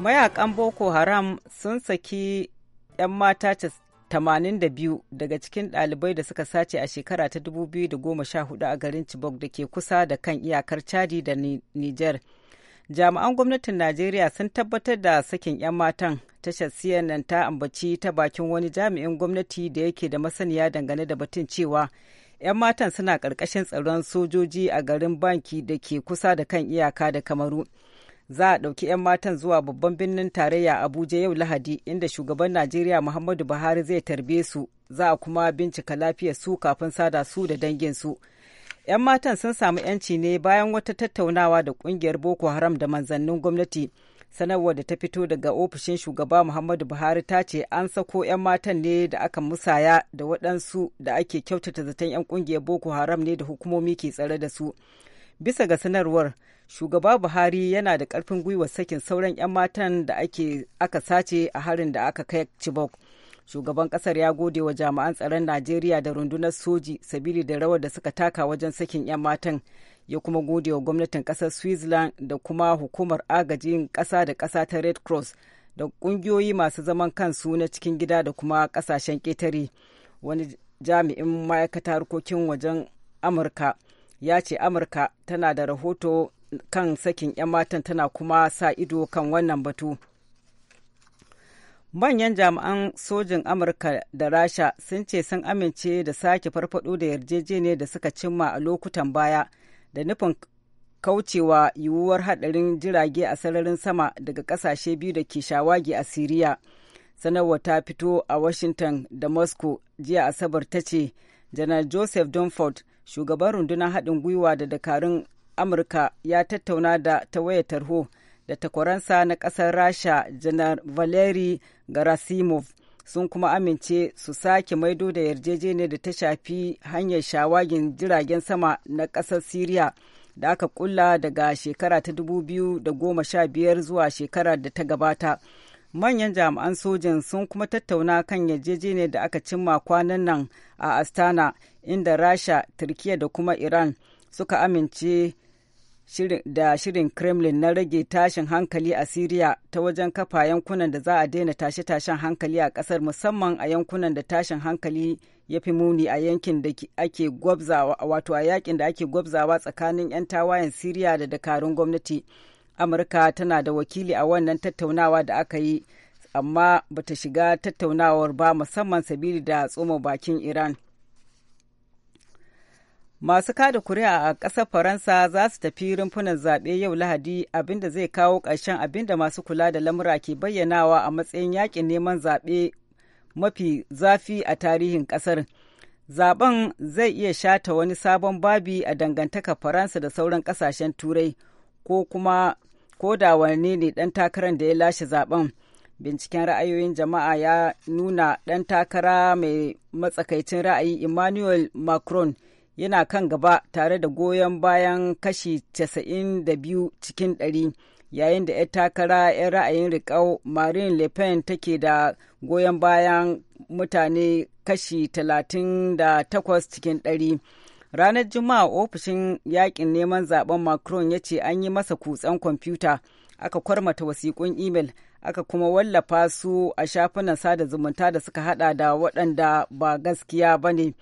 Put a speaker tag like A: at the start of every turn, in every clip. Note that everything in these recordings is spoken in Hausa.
A: mayakan boko haram sun saki 'yan mata 82 daga cikin ɗalibai da suka sace a shekara ta 2014 a garin chibok da ke kusa da kan iyakar chadi da niger jami'an gwamnatin najeriya sun tabbatar da sakin 'yan matan tashar cnn ta ambaci ta bakin wani jami'in gwamnati da yake da masaniya dangane da batun cewa 'yan matan suna ƙarƙashin tsaron sojoji a garin banki da ke kusa da kan iyaka da kamaru za a ɗauki 'yan matan zuwa babban birnin tarayya abuja yau lahadi inda shugaban najeriya muhammadu buhari zai tarbe su za a kuma bincika lafiyar su kafin sada su da dangin su' 'yan matan sun samu 'yanci ne bayan wata tattaunawa da ƙungiyar boko haram da manzannin gwamnati sanarwar da ta fito daga ofishin shugaba muhammadu buhari ta ce an sako 'yan matan ne da aka musaya da waɗansu da ake kyautata zaton 'yan ƙungiyar boko haram ne da hukumomi ke tsare da su bisa ga sanarwar shugaba buhari yana da karfin gwiwa sakin sauran 'yan matan da ake aka sace a harin da aka kai chibok shugaban kasar ya gode wa jami'an tsaron najeriya da rundunar soji sabili da rawar da suka taka wajen sakin 'yan matan ya kuma gode wa gwamnatin kasar switzerland da kuma hukumar agajin kasa da kasa ta red cross da kungiyoyi masu zaman kansu na cikin gida da kuma kasashen ƙetare wani jami'in ma'aikata harkokin wajen amurka ya ce amurka tana da rahoto kan sakin 'yan matan tana kuma sa ido kan wannan batu manyan jami'an sojin amurka da rasha sun ce sun amince da sake farfado da yarjejeniyar da suka cimma a lokutan baya da nufin kaucewa yiwuwar hadarin jirage a sararin sama daga kasashe biyu da ke shawagi a siriya sanarwa ta fito a washington da moscow jiya asabar ta ce janar joseph dunford shugaban rundunar haɗin gwiwa da dakarun amurka ya tattauna da ta waya tarho da takwaransa na ƙasar rasha janar valeri garasimov sun kuma amince su sake maido da yarjejeniyar da ta shafi hanyar shawagin jiragen sama na ƙasar syria da aka kulla daga shekara ta 2015 zuwa shekara da ta gabata manyan jami'an sojan sun kuma tattauna kan yarjejeniyar da aka cimma kwanan nan a astana inda rasha turkiya da kuma iran suka amince da shirin kremlin na rage tashin hankali a syria ta wajen kafa yankunan da za a daina tashe-tashen hankali a kasar musamman a yankunan da tashin hankali ya fi muni a yankin da ake gwabzawa wato a yakin da ake gwabzawa tsakanin 'yan tawayen syria da dakarun gwamnati amurka tana da wakili a wannan tattaunawa da aka yi amma ba ta shiga tattaunawar ba musamman sabili da tsoma bakin iran masu kada kuri'a a ƙasar faransa za su tafi rumfunan zaɓe yau lahadi abinda zai kawo ƙarshen abinda masu kula da lamura ke bayyanawa a matsayin yaƙin neman zaɓe mafi zafi a tarihin ƙasar zaɓen zai iya shata wani sabon babi a dangantaka faransa da sauran ƙasashen turai ko kuma ko da wani ne ɗan takarar da ya lashe zaben binciken ra'ayoyin jama'a ya nuna ɗan takara mai matsakaicin ra'ayi emmanuel macron yana kan gaba tare da goyon bayan kashi 92 cikin 100 yayin da 'yan takara 'yan ra'ayin riƙau marine le pen take da goyon bayan mutane kashi 38 cikin 100 Ranar Juma'a ofishin yakin neman zaben Macron ya ce an yi masa kutsen kwamfuta, aka kwarmata wasiƙun imel, aka kuma wallafa su a shafunan sada zumunta da suka hada da waɗanda ba gaskiya ba ne.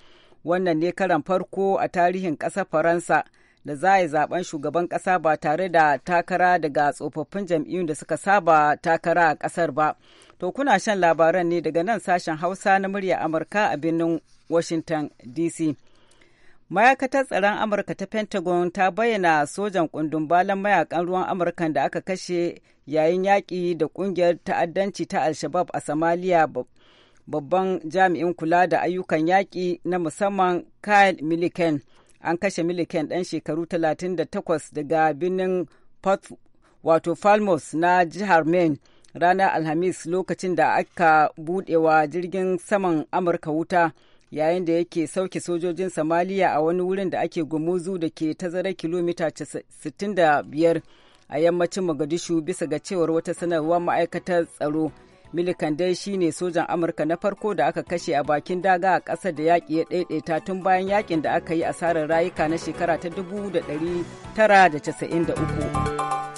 A: Wannan ne karan farko a tarihin ƙasar Faransa da za a yi zaben shugaban ƙasa ba tare da takara daga tsofaffin jam'iyyun da suka saba takara a ƙasar ba. To kuna shan labaran ne daga nan sashen Hausa na murya Amurka a birnin Washington DC. ma'aikatar tsaron amurka ta pentagon ta bayyana sojan kundin balan mayakan ruwan amurka da aka kashe yayin yaƙi da ƙungiyar ta'addanci ta alshabab a somalia babban jami'in kula da ayyukan yaƙi na musamman kyle Milliken an kashe Milliken ɗan shekaru 38 daga birnin wato falmos na jihar maine ranar alhamis lokacin da aka buɗewa jirgin saman amurka wuta yayin da yake sauke sojojin samaliya a wani wurin da ake gumuzu da ke tazarar kilomita 65 a yammacin Mogadishu bisa ga cewar wata sanarwar ma'aikatar tsaro. Milikan dai ne sojan Amurka na farko da aka kashe a bakin daga a ƙasar da yaƙi ya ɗaiɗaita tun bayan yaƙin da aka yi asarar rayuka na shekara ta 1993.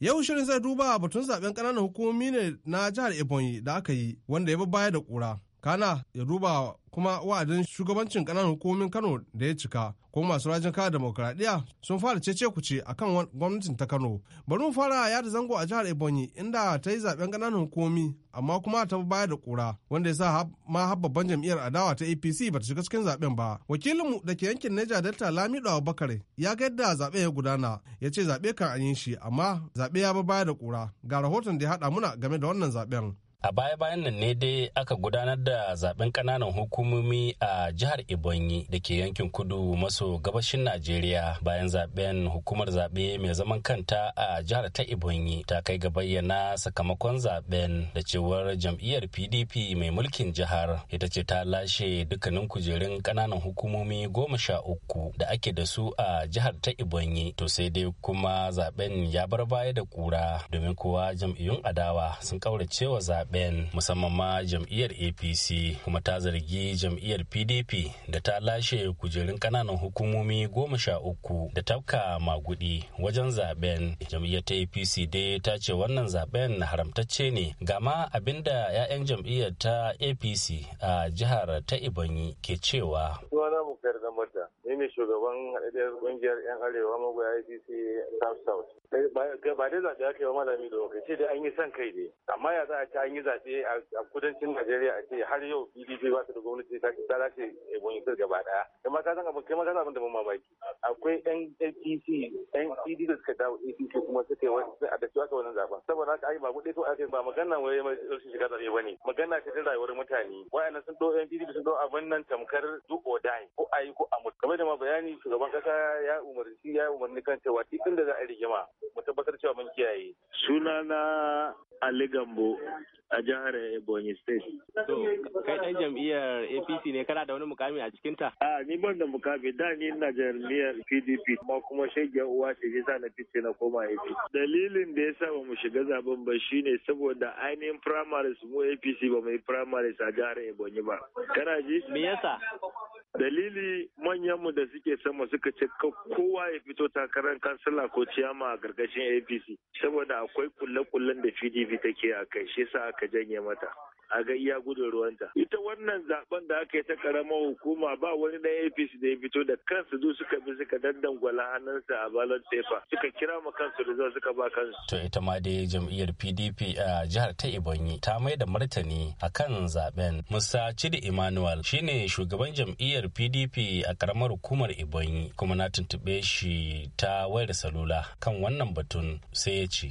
B: Yau shirin zai duba batun zaben ƙananan hukumomi ne na jihar Ebonyi da aka yi wanda ya baya da ƙura. kana ya duba kuma wa'adin shugabancin kananan hukumomin kano da ya cika ko masu rajin kare demokuraɗiyya sun fara cece kuce akan gwamnatin ta kano bari mu fara ya da zango a jihar ebonyi inda ta yi zaben kananan hukumomi amma kuma ta baya da kura wanda ya sa ma jam'iyyar adawa ta apc ba ta shiga cikin zaben ba wakilin mu da ke yankin niger delta lamido abubakar ya ga yadda zaɓe ya gudana ya ce zaɓe kan an yi shi amma zaɓe ya baya da kura ga rahoton da ya haɗa muna game da wannan zaɓen
C: a baya-bayan nan ne dai aka gudanar da zaben ƙananan hukumomi a jihar ibonyi da ke yankin kudu maso gabashin najeriya bayan zaben hukumar zaɓe mai zaman kanta a jihar ta ibonyi ta kai ga bayyana sakamakon zaben da cewar jam'iyyar pdp mai mulkin jihar ita ce ta lashe dukkanin kujerun ƙananan hukumomi goma sha uku da ake da su a jihar ta ibonyi to sai dai kuma zaben ya bar baya da kura domin kowa jam'iyyun adawa sun kaurace wa zaben zaben musamman ma jam'iyyar apc kuma ta zargi jam'iyyar pdp da ta lashe kujerun kananan hukumomi goma sha uku da tafka magudi wajen zaben jam'iyyar ta apc dai ta ce wannan zaben haramtacce ne gama abinda 'ya'yan jam'iyyar ta apc a jihar ta ibanyi ke cewa
D: ne shugaban ƙungiyar 'yan arewa magoya apc south south ba dai zaɓe aka yi wa malami da lokaci da an yi son kai ne amma ya za a ce an yi zaɓe a kudancin najeriya a ce har yau pdp ba su da gwamnati ta ta lashe ebonyi sir gaba ɗaya kai ma ka san abin kai ma ka san abin da ban mamaki akwai yan apc
E: yan
D: pd da suka dawo apc kuma suka yi wani a da aka wannan zaɓen saboda haka ai ba kuɗi to ake ba magana wai rashin shiga zaɓe ba ne magana ta rayuwar mutane wa'annan sun ɗo yan pdp sun ɗo abin nan tamkar duk odai ko ayi ko amur kamar da ma bayani shugaban kasa ya umarci ya umarni kan cewa duk inda za a rigima
C: Sunana Ali Gambo. a jihar Ebonyi State. To, kai dan jam'iyyar APC ne kana da wani mukami a cikinta? A ni ban da mukami da ni ina
D: jam'iyyar PDP kuma kuma shege uwa ce yasa na fice na koma APC. Dalilin da yasa ba mu shiga zaben ba shine saboda ainihin primaries mu APC ba mu yi primaries a jihar Ebonyi ba. Kana ji? Me yasa? dalili manyanmu da suke sama suka ce kowa ya fito takarar kansila ko ciyama a gargashin apc saboda akwai kulle-kullen da pdp take a kai shi sa aka janye mata a ga iya gudun ruwanta ita wannan zaben da aka yi ta karamar hukuma ba wani na apc da ya fito da kansu duk suka bi suka daddangwala hannunsa a balon tefa suka kira ma kansu da suka ba kansu
C: to ita ma dai jam'iyyar pdp a jihar ta ibonyi ta mai da martani a kan zaben musa cidi emmanuel shine shugaban jam'iyyar pdp a karamar hukumar ibonyi kuma na tuntuɓe shi ta wayar salula kan wannan batun
F: sai ya ce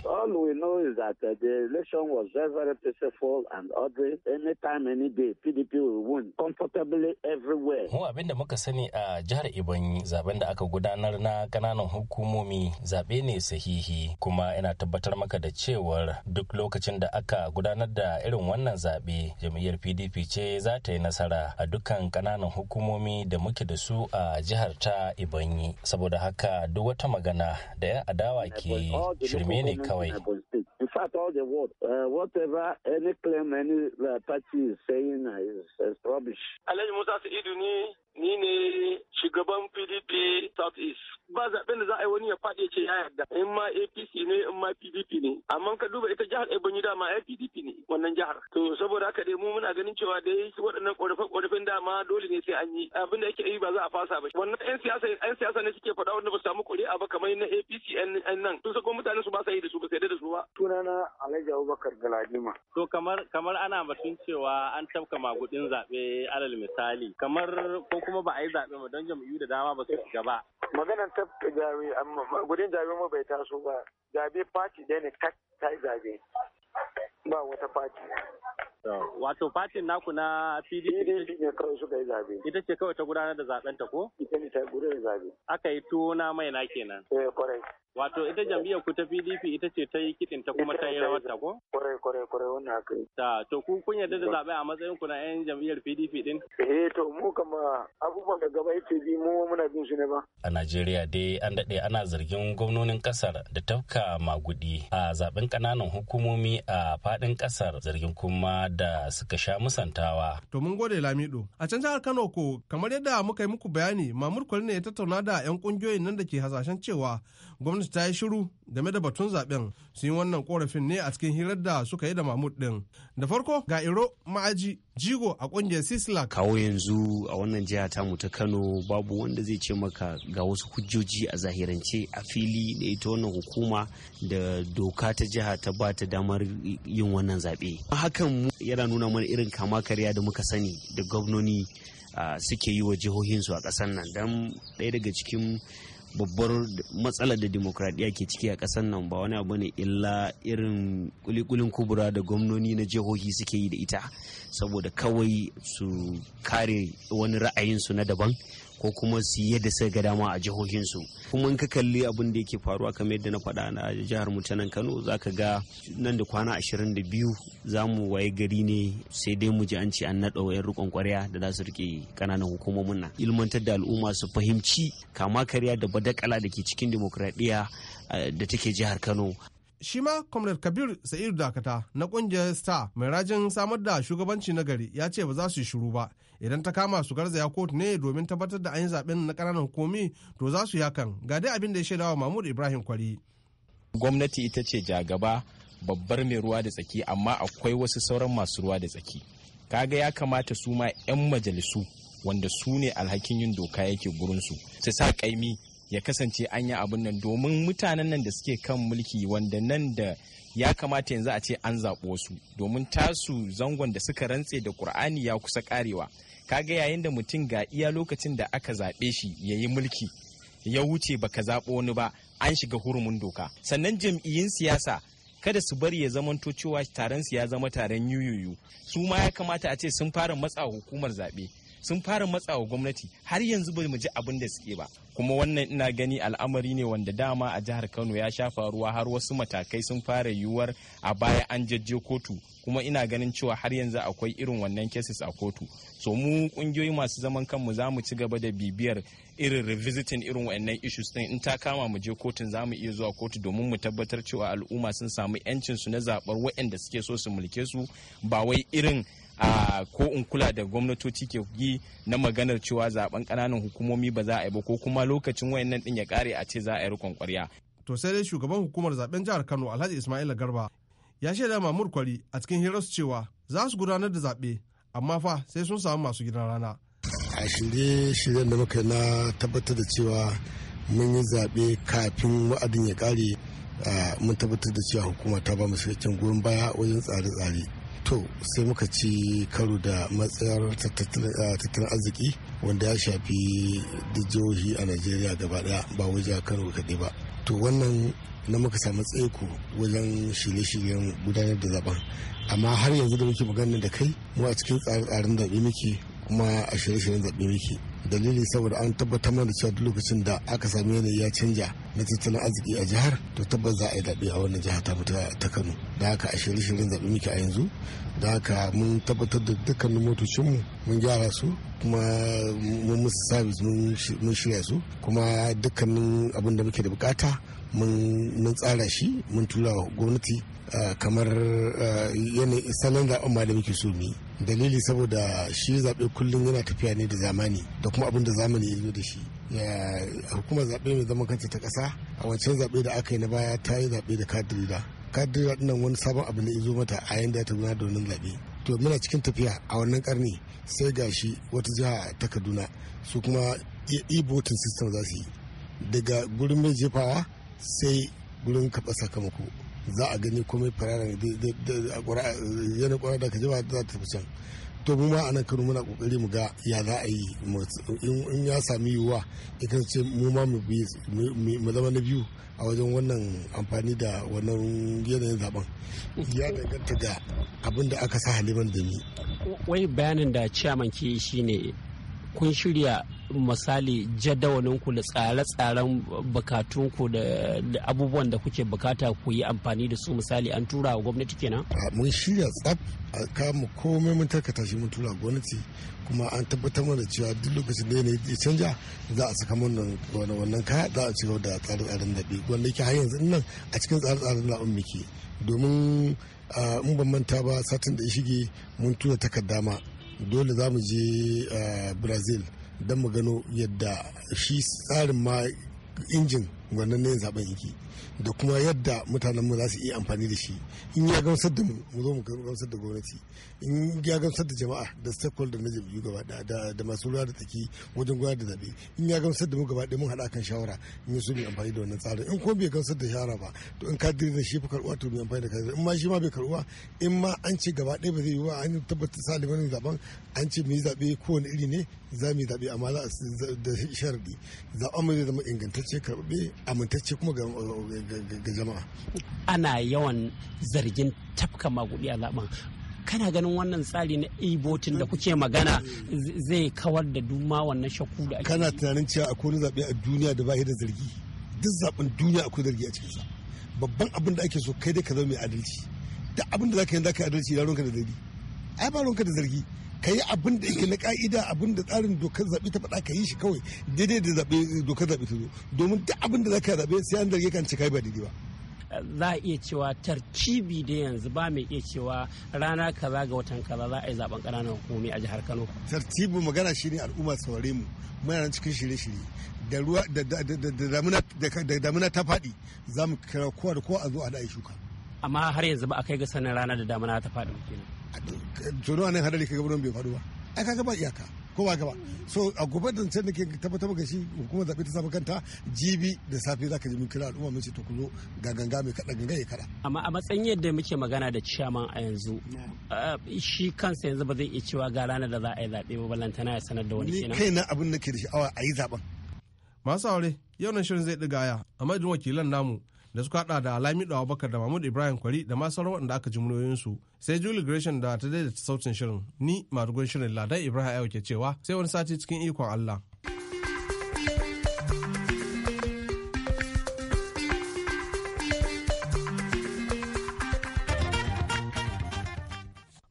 F: is that uh, the election was very, very peaceful and ordinary. Anytime, any day, PDP will win comfortably everywhere. Mu
C: abin da muka sani a jihar ibanyi zaben da aka gudanar na kananan hukumomi zabe ne sahihi kuma ina tabbatar maka da cewar duk lokacin da aka gudanar da irin wannan zaɓe jam'iyyar PDP ce za ta yi nasara a dukkan kananan hukumomi da muke da su a jihar ta ibanyi Saboda haka duk wata magana da
F: ya adawa ke shirme ne kawai. all the world. Uh, whatever any claim any uh, party is saying is, is rubbish.
D: ni ne shugaban PDP South East. Ba zaɓen da za a yi wani ya faɗi ya ce ya yarda. In ma APC ne in ma PDP ne. Amma ka duba ita jihar Ebonyi dama ya PDP ne wannan jihar. To saboda haka dai mu muna ganin cewa dai waɗannan ƙorafe-ƙorafen dama dole ne sai an yi. Abin da yake yi ba za a fasa ba. Wannan 'yan siyasa 'yan siyasa ne suke faɗa wanda ba su samu ƙuri'a ba kamar na APC 'yan nan. Tun sako mutane su ba sa yi da su ba sai da su ba. Sunana Alhaji Abubakar Galadima.
C: To kamar kamar ana batun cewa an tabka magudin zaɓe alal misali. Kamar ko kuma ba a yi zaɓe ma don jam'iyyu da dama ba su shiga ba.
D: Maganan ta gudun jami'an bai taso ba. Zabe fati ɗaya ne ta yi zabe. ba wata fati
C: wato fatin naku na pdp ne kawai suka yi zabe ita ce kawai ta gudanar da zaben ta ko ita ne ta gudanar da zabe aka yi tuwo na mai na kenan
D: eh kwarai wato ita jam'iyyar
C: ku ta pdp ita ce ta yi kitin ta kuma ta yi rawar ta ko
D: kwarai kwarai kwarai wannan haka
C: ta to ku kun yarda da zabe a matsayin ku na yan jam'iyyar pdp din
D: eh to mu kama abubuwan da gaba yake bi mu muna bin shi ne ba
C: a najeriya dai an dade ana zargin gwamnonin ƙasar da tafka magudi a zaben ƙananan hukumomi a fadin faɗin ƙasar zargin kuma da suka sha musantawa.
B: To mun gode Lamido. A can jihar Kano ko kamar yadda muka yi muku bayani Mamur kwalina ya tattauna da 'yan ƙungiyoyin nan da ke hasashen cewa gwamnati ta yi shiru game da batun zaɓen sun yi wannan korafin ne a cikin hirar da suka yi da mamud ɗin. Da farko ga Iro Ma'aji jigo a kungiyar sisla
F: kawo yanzu a wannan jiha tamu ta kano babu wanda zai ce maka ga wasu hujjoji a zahirance a fili da ita wannan hukuma da doka ta jiha ta ba ta damar yin wannan zaɓe hakan yana nuna mana irin kama karya da muka sani da gwamnoni ah, suke yi wa jihohinsu a ƙasar nan don ɗaya daga cikin babbar matsalar da demokradiyya ke ciki a ƙasar nan ba wani abu ne illa irin kulikulin kubura da gwamnoni na jihohi suke yi da ita saboda kawai su kare wani ra'ayinsu na daban ko kuma su yi yadda suka ga dama a jihohinsu kuma in ka kalli abin da yake faruwa kamar yadda na faɗa a jihar mu ta nan Kano zaka ga nan da kwana ashirin 22 za mu waye gari ne sai dai mu ji an ce an naɗa wayar rikon kwarya da za su rike kananan hukumomin nan ilmantar da al'umma su fahimci kama karya da badakala da ke cikin demokradiyya eh, da take jihar Kano
B: shi ma comrade kabir sa'idu dakata na kungiyar star mai rajin samar da shugabanci nagari ya ce ba za su shiru ba idan ta kama su garzaya kotu ne domin tabbatar da an yi zaben na ƙananan hukumi to za su yi ga dai abin da ya shaidawa mahmud ibrahim kwari
G: gwamnati ita ce jagaba babbar mai ruwa da tsaki amma akwai wasu sauran masu ruwa da tsaki kaga ya kamata su ma 'yan majalisu wanda su ne alhakin yin doka yake gurinsu su sa kaimi ya kasance an yi abin nan domin mutanen nan da suke kan mulki wanda nan da ya kamata yanzu a ce an zaɓo su domin tasu zangon da suka rantse da ƙur'ani ya kusa ƙarewa kaga yayin da mutum ga iya lokacin da aka zaɓe shi ya yi mulki ya wuce baka zaɓo wani ba an shiga hurumin doka sannan jam'iyyun siyasa kada su bari ya zama zamanto cewa taron su ya zama taron yuyuyu su ma ya kamata a ce sun fara matsa hukumar zaɓe sun fara matsawa gwamnati har yanzu bai mu ji abin da suke ba kuma wannan ina gani al'amari ne wanda dama a jihar kano ya sha faruwa har wasu matakai sun fara yiwuwar a baya an jajje kotu kuma ina ganin cewa har yanzu akwai irin wannan cases a kotu so mu kungiyoyi masu zaman kanmu za mu ci gaba da bibiyar irin revisiting irin wannan issues din in ta kama mu je kotun za mu iya zuwa kotu domin mu tabbatar cewa al'umma sun samu yancin su na zaɓar waɗanda suke so su mulke su ba wai irin a ko in kula da gwamnatoci ke yi na maganar cewa zaben kananan hukumomi ba za a yi ba ko kuma lokacin wayannan din ya kare a ce za a yi rukun kwarya
B: to sai dai shugaban hukumar zaben jihar Kano Alhaji Ismail Garba ya shaida Mamur Kwari a cikin hirarsu cewa za su gudanar da zaɓe amma fa sai sun samu masu gidan rana a
D: shirye-shiryen da muka yi na tabbatar da cewa mun yi zaɓe kafin wa'adin ya ƙare mun tabbatar da cewa hukuma ta ba mu cikakken goyon baya wajen tsare-tsare to sai muka ci karo da matsayar tattalin eh, arziki wanda ya shafi da jihohi a najeriya gaba daya ba waje kano kaɗai ba to wannan na muka samu tsaiko wajen shirye-shiryen gudanar da zaben amma har yanzu da muke magana da kai mu a cikin tsare-tsaren zaɓe muke kuma a shirye-shiryen zaɓe muke dalili saboda an tabbatar mana cewa duk lokacin da aka sami yanayi ya canja na tattalin arziki a jihar to tabbas za a yi daɗi a wannan jihar ta ta kano da haka a shirye-shiryen zaɓi muke a yanzu da haka mun tabbatar da dukkanin motocinmu mun gyara su kuma mun musu sabis mun shirya su kuma dukkanin abin da muke da bukata mun tsara shi mun tura gwamnati kamar yanayin salon zaben ma da muke so mu dalili saboda shi zaɓe kullum yana tafiya ne da zamani da kuma abin da zamani ya zo da shi hukumar zaɓe mai zaman kanta ta ƙasa a wancan zaɓe da aka yi na baya ta yi zaɓe da kadirida kadirida ɗinnan wani sabon abu ne ya zo mata a yanda da ta gudanar da wannan to muna cikin tafiya a wannan karni sai gashi wata jiha ta kaduna su kuma e-voting system za su yi daga gurin mai jefawa sai gurin kaɓa sakamako za a gani komai fararen yana kwarar da ka ji ba za ta fi can to mu ma anan kano muna kokari mu ga ya za a yi in ya sami yiwuwa ya kasance mu ma mu zama na biyu a wajen wannan amfani da wannan yanayin zaben ya danganta ga abin da aka sa haliman da ni
H: wai bayanin da ciyaman ke ne kun shirya misali jadawalinku da tsare-tsaren bukatunku da abubuwan da kuke bukata ku yi amfani da su misali an tura wa gwamnati kenan? mun shirya tsaf a kama komai mun tarkata shi mun tura gwamnati kuma an tabbatar mana cewa duk lokacin
D: da yanayi ya canja za a saka mana wannan kaya za a ci da tsare-tsaren bi wanda yake har yanzu nan a cikin tsare-tsaren na'un muke domin in ban manta ba satin da ya shige mun tura takarda ma dole za mu je brazil don mu gano yadda shi tsarin ma injin wannan ne zaben yake da kuma yadda mutanenmu za su iya amfani da shi in ya gamsar da mu zo mu gamsar da gwamnati in ya gamsar da jama'a da stakeholder na jam'iyyu gaba da masu ruwa da tsaki wajen gudanar da zaɓe in ya gamsar da mu gaba da mun haɗa kan shawara in so mai amfani da wannan tsarin in ko bai gamsar da shawara ba to in kadiri da shi fa karɓuwa to mai amfani da kadiri in ma shi ma bai karɓuwa in ma an ce gaba ɗaya ba zai yi ba an tabbatar salimin zaben an ce mai yi zaɓe kowane iri ne za mu yi zaɓe amma za a da sharadi zaɓen mu zai zama ingantacce karɓe amintacce kuma ga
H: ga jama'a ana yawan zargin tafka maguɗi a zaben kana ganin wannan tsari na e-voting da kuke magana zai kawar da duma wannan shakku da ake
D: kana tunanin cewa akwai wani zaɓe a duniya da ba da zargi duk zaɓen duniya akwai zargi a cikinsa babban abin da ake so kai dai ka zama mai adalci duk abin da za ka yi adalci ya ronka da zargi ai ba ronka da zargi ka yi abin da yake na ka'ida abin da tsarin dokar zaɓe ta faɗa ka yi shi kawai daidai da zaɓe dokar zaɓe ta zo domin duk abin da za ka zaɓe sai an zarge kan cika ba
H: daidai ba. za a iya cewa Tartibi da yanzu ba mai iya cewa rana kaza ga watan kaza za a yi zaben ƙananan hukumomi a jihar kano.
D: tartibin magana shine al'umma saurare mu muna nan cikin shirye-shirye da ruwa da ta faɗi za mu kira kowa da kowa a zo a da shuka.
H: amma har yanzu ba a kai ga sanin rana da damuna ta faɗi kenan.
D: tsoro nan hadari kaga wurin bai faru ba ai kaga ba iyaka ko ba gaba so a gobe da can nake tabbatar ga shi hukumar zaɓe ta samu kanta jibi da safe zaka ji mun kira al'umma mun ce to ga ganga mai kada ganga ya kada
H: amma a matsayin yadda muke magana da chairman a yanzu uh, shi kansa yanzu ba zai iya cewa ga ranar da za a yi zaɓe ba balantana ya sanar da wani kenan kai na
B: abin ke da sha'awa a yi zaɓen masu aure yau nan shirin zai ɗiga aya a madadin wakilan namu da suka hada da Lamido Abubakar da Mahmud Ibrahim Kwari da ma sauran waɗanda aka ji muryoyinsu sai Julie Gresham da ta daidaita sautin shirin ni madugon shirin Ladan Ibrahim Ayo ke cewa sai wani sati cikin ikon Allah.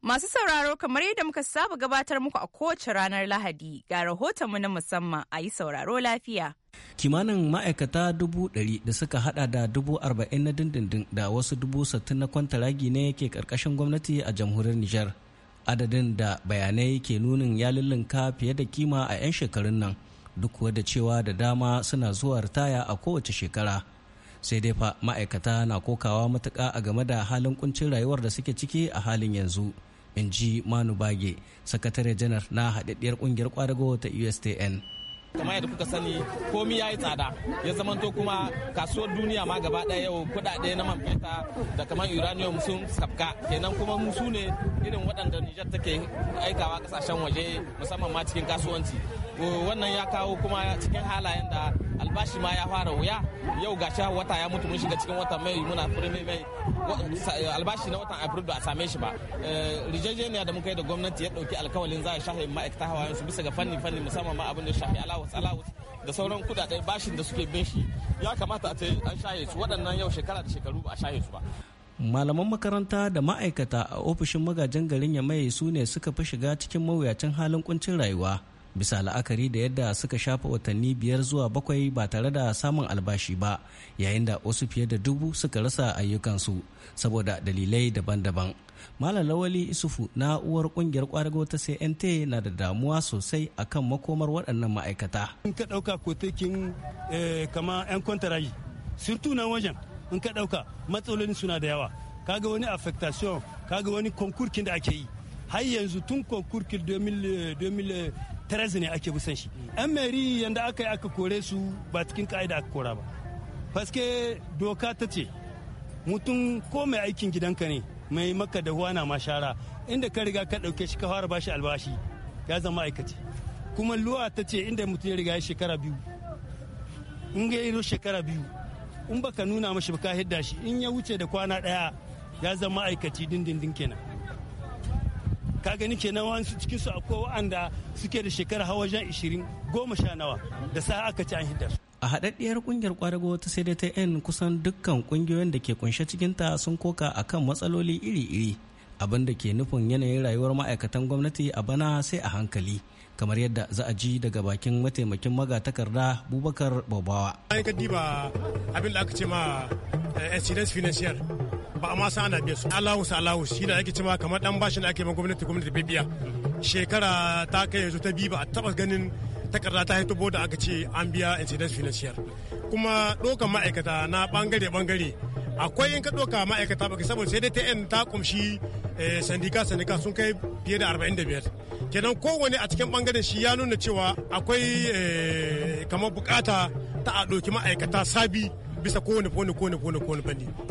A: Masu sauraro kamar yadda muka saba gabatar muku a kowace ranar Lahadi ga mu na musamman a yi sauraro lafiya.
I: Kimanin ma'aikata dubu ɗari da suka hada da dubu arba'in na dindindin da wasu dubu sittin na kwantaragi ne ke ƙarƙashin gwamnati a jamhuriyar Nijar. Adadin da bayanai ke nunin ya lullunka fiye da kima a 'yan shekarun nan duk da cewa da dama suna zuwa ritaya a kowace shekara. Sai dai fa ma'aikata na kokawa matuka a game da halin kuncin rayuwar da suke ciki a halin yanzu. in ji manu bage sakatare janar na haɗaɗɗiyar ƙungiyar kwadago ta ustn
G: kamar yadda kuka sani komi ya yi tsada ya zamanto kuma kasuwar duniya ma gaba ɗaya yau kuɗaɗe na man feta da kamar uranium sun sabka kenan kuma mu ne irin waɗanda nijar take aikawa ƙasashen waje musamman ma cikin kasuwanci wannan ya kawo kuma cikin halayen da albashi ma ya fara wuya yau gashi wata ya mutu mun shiga cikin watan mai muna firme mai eh, albashi na watan april ba a same shi ba eh, rijejeniya da muka yi da gwamnati ya dauki alkawalin za a shafe ma'aikata hawa su bisa ga fanni fanni musamman ma abin da shafi alawus alawus da sauran kudaden bashin da suke bin shi ya kamata a ce an shaye su waɗannan yau shekara da shekaru ba a shaye su ba
I: malaman makaranta da ma'aikata a ofishin magajin garin ya mai su ne suka fi shiga cikin mawuyacin halin kuncin rayuwa bisa la'akari da yadda suka shafa watanni biyar zuwa bakwai ba tare da samun albashi ba yayin da wasu fiye da dubu suka rasa ayyukansu saboda dalilai daban-daban malam lawali isufu na uwar kungiyar kwarago ta cnt na da damuwa sosai akan makomar waɗannan ma'aikata
E: in ka ɗauka kotakin eh, kama 'yan kwantarayi surtu na wajen in ka ɗauka matsalolin suna da yawa kaga wani affectation kaga wani konkurkin da ake yi har yanzu tun konkurkil 2013 ne ake busan shi mm. yan meri yanda aka yi aka kore su ba cikin ka'ida aka kora ba faske doka ta ce mutum ko mai aikin gidanka ne mai maka da na mashara inda ka riga ka ɗauke shi ka fara bashi albashi ya zama aikace kuma luwa ta ce inda mutum ya riga ya shekara biyu in ga yi shekara biyu in baka nuna mashi ba ka hidda shi in ya wuce da kwana ɗaya ya zama aikaci dindindin kenan ka gani kenan wani cikin su akwai wa'anda suke da shekara hawa jan 20 goma sha nawa da sa aka ci an hidar
I: a haɗaɗɗiyar ƙungiyar kwadago ta sai ta yan kusan dukkan ƙungiyoyin da ke kunshe cikinta sun koka akan matsaloli iri-iri abin da ke nufin yanayin rayuwar ma'aikatan gwamnati a bana sai a hankali kamar yadda za a ji daga bakin mataimakin magatakarda bubakar babawa
D: yi ka diba abin da aka ce ma accidents eh, financier ba a ma san ana biyar su alawus alawus shi da ake ce ma kamar dan bashin da ake ma gwamnati gwamnati bibiya shekara ta kai yanzu ta biyu ba a taba ganin takarda ta hito da aka ce an biya incidence financier kuma ɗaukar ma'aikata na bangare bangare akwai yin ka ɗauka ma'aikata ba saboda sai dai ta yan ta kumshi Eh, sandika sandika sun kai fiye da 45 kenan kowane a cikin bangaren shi ya nuna cewa akwai eh, kamar bukata ta a ɗauki ma'aikata sabi bisa kowane kowane kowane kowane kowane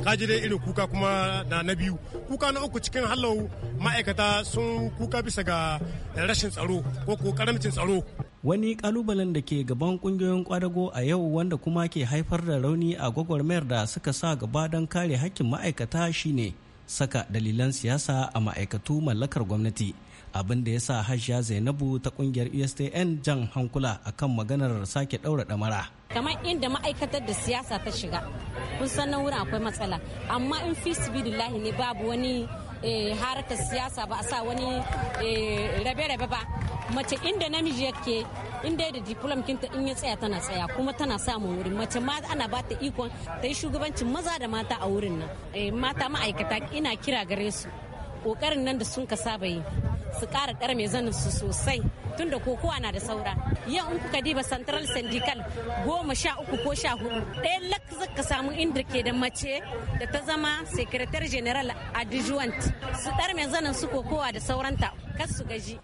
D: kaji dai irin kuka kuma da na biyu kuka na uku cikin halau ma'aikata sun kuka bisa ga rashin tsaro ko ko karamcin tsaro
I: wani kalubalen da ke gaban kungiyoyin kwadago a yau wanda kuma ke haifar da rauni a gwagwarmayar da suka sa gaba don kare hakkin ma'aikata shine saka dalilan siyasa a ma'aikatu mallakar gwamnati abin da ya sa hajiya zainabu ta kungiyar ustn e jan hankula akan maganar sake daura mara.
A: kamar inda ma'aikatar da siyasa ta shiga kun san na wurin akwai matsala amma in fi sibilillahi ne babu wani eh, harkar siyasa ba a sa wani eh, rabe-rabe ba mace inda namiji yake in dai da diplom kinta in ya tsaya tana tsaya kuma tana samun wurin mace ma ana ba ta ikon ta yi shugabancin maza da mata a wurin nan eh, mata ma'aikata ina kira gare su kokarin nan da sun ka saba yi su kara mai zanin su sosai tun da kokowa na da saura yau in kuka diba central syndical goma sha uku ko sha hudu ɗaya lak zaka samu inda ke da mace da ta zama secretary general adjuvant su ɗar mai zanin su kokowa da sauranta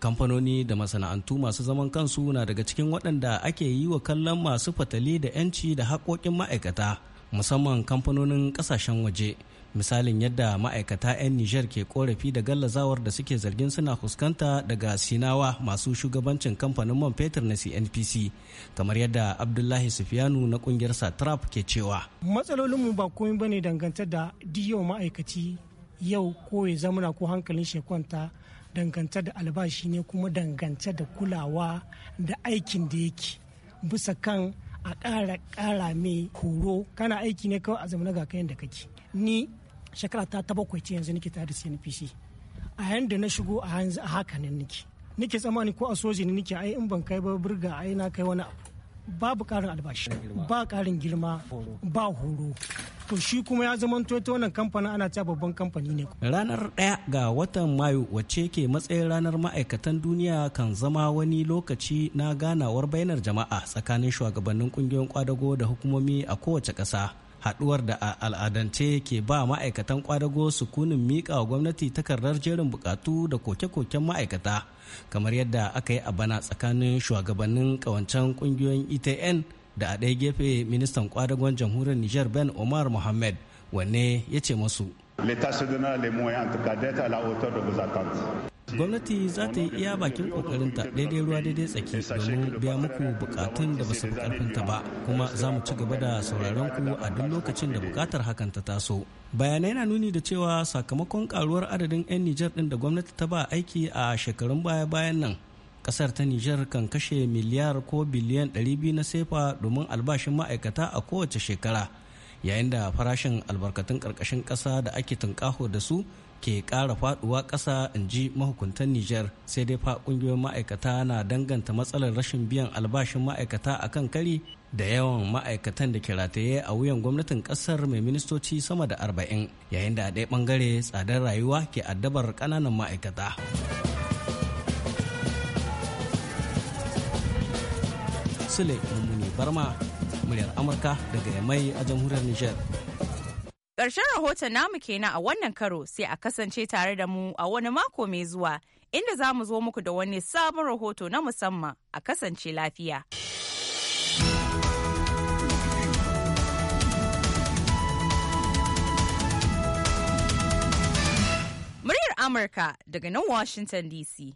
I: kamfanoni da masana'antu masu zaman kansu na daga cikin waɗanda ake yi wa kallon masu fatali da 'yanci da haƙoƙin ma'aikata musamman kamfanonin ƙasashen waje misalin yadda ma'aikata 'yan Nijar ke korafi da gallazawar da suke zargin suna fuskanta daga sinawa masu shugabancin kamfanin man fetur na CNPC kamar yadda Abdullahi Sufiyanu na kungiyar Satrap ke cewa.
G: matsalolin mu ba komai
I: bane dangantar da diyo ma'aikaci yau ko ya zamana ko hankalin shekwanta dangance da albashi ne kuma dangance da kulawa da aikin da yake bisa kan a ƙara ƙara mai horo kana aiki ne kawai a zama na gakayen da kake ni shekara ta ta bakwai yanzu nake tare da CNPC a yanda na shigo a haka nan nake nake tsammani ko a soji ne nake ai in ban kai ba burga ai na kai wani abu babu karin albashi ba karin girma ba horo to shi kuma ya zama toto wannan kamfanin ana cewa babban kamfani ne ranar ɗaya ga watan mayu wacce ke matsayin ranar ma'aikatan duniya kan zama wani lokaci na ganawar bainar jama'a tsakanin shugabannin kungiyoyin kwadago da hukumomi a kowace ƙasa haduwar da a al'adance ke ba ma'aikatan kwadago sukunin miƙa wa gwamnati takardar jerin bukatu da koke-koken ma'aikata kamar yadda aka yi a bana tsakanin shugabannin kawancen kungiyoyin etn da a ɗaya gefe ministan kwadagon jamhuriyar niger ben omar Mohamed, wanne ya ce masu gwamnati za ta yi iya bakin kokarin ta daidai ruwa daidai tsaki domin biya muku bukatun da basu bukarfinta ba kuma za mu ci gaba da sauraron ku a duk lokacin da bukatar hakan ta taso bayanai na nuni da cewa sakamakon karuwar adadin 'yan nijar din da gwamnati ta ba aiki a shekarun baya bayan nan kasar ta nijar kan kashe miliyar ko biliyan 200 na sefa domin albashin ma'aikata a kowace shekara yayin da farashin albarkatun karkashin kasa da ake tunƙaho da su ke ƙara faɗuwa ƙasa in ji mahukuntan Nijar sai dai fa ƙungiyoyin ma'aikata na danganta matsalar rashin biyan albashin ma'aikata a kan kari da yawan ma'aikatan da ke rataye a wuyan gwamnatin ƙasar mai ministoci sama da arba'in yayin da a ɗaya ɓangare tsadar rayuwa ke addabar ƙananan ma'aikata. Sule Mummuni Barma, muryar Amurka daga Yamai a jamhuriyar Nijar.
A: Ƙarshen rahoton namu kenan a wannan karo sai a kasance tare da mu a wani mako mai zuwa inda za mu zo muku da wani sabon rahoto na musamman a kasance lafiya. Muryar Amurka daga nan Washington DC.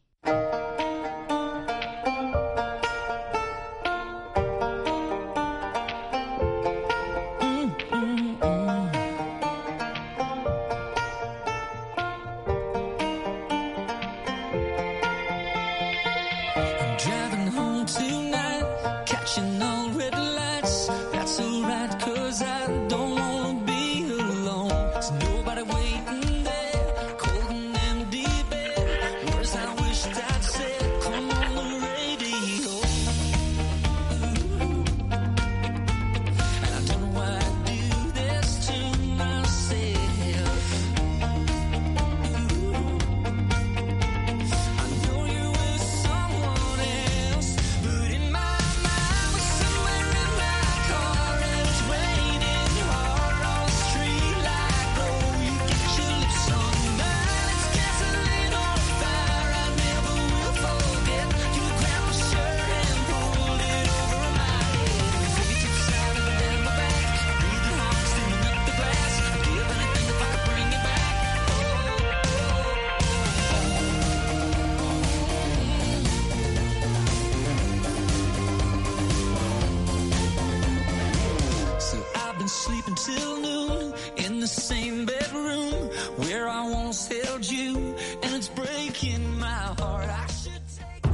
H: the same bedroom where I once held you, and it's breaking my heart. I should take.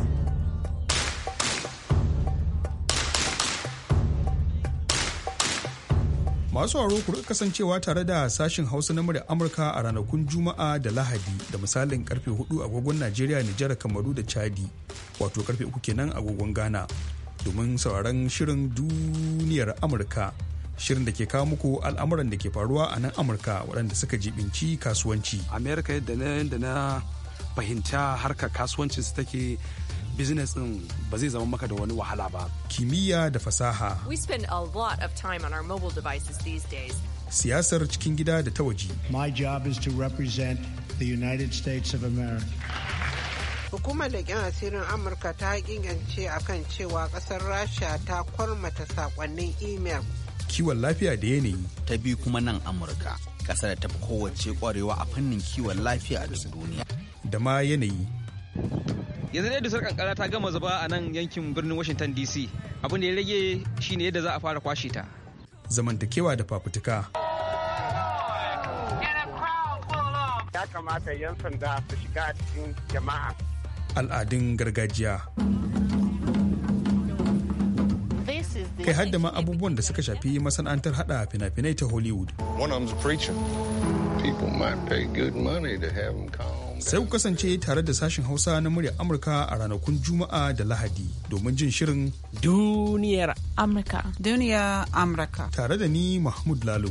E: Masu haro ku kasancewa tare da sashin Hausa na murya Amurka a ranakun Juma'a da Lahadi da misalin karfe 4 agogon Najeriya, Nijar, Kamaru da Chadi, wato karfe 3 kenan agogon Ghana, domin sauraron shirin duniyar Amurka. shirin da ke kawo muku al'amuran da ke faruwa a nan amurka waɗanda suka jibinci kasuwanci amerika yadda na yadda na fahimta harka kasuwancin su take business din ba zai zama maka da wani wahala ba kimiyya da fasaha
F: we spend a lot of time on our mobile devices these days
E: siyasar cikin gida da ta waje my job is to represent the united states of america
B: hukumar leƙen asirin amurka ta gingance akan cewa ƙasar rasha ta kwarmata sakonnin imel
E: kiwon lafiya da yanayi ta biyu kuma nan amurka ƙasar da ta fi kowace ƙwarewa a fannin kiwon lafiya a duk duniya da ma
G: yanayi yanzu ne dusar kankara ta gama zuba a nan yankin birnin washington dc abin da ya rage shine yadda za a fara kwashe ta
E: zamantakewa da fafutuka ya
C: kamata
D: 'yan sanda su shiga a cikin
E: jama'a al'adun gargajiya kai hadda ma abubuwan da suka shafi masana'antar hada fina-finai ta hollywood sai ku kasance tare da sashen hausa na murya amurka a ranakun juma'a da lahadi domin jin shirin duniyar
A: amurka duniyar amurka
E: tare da ni mahmud lalo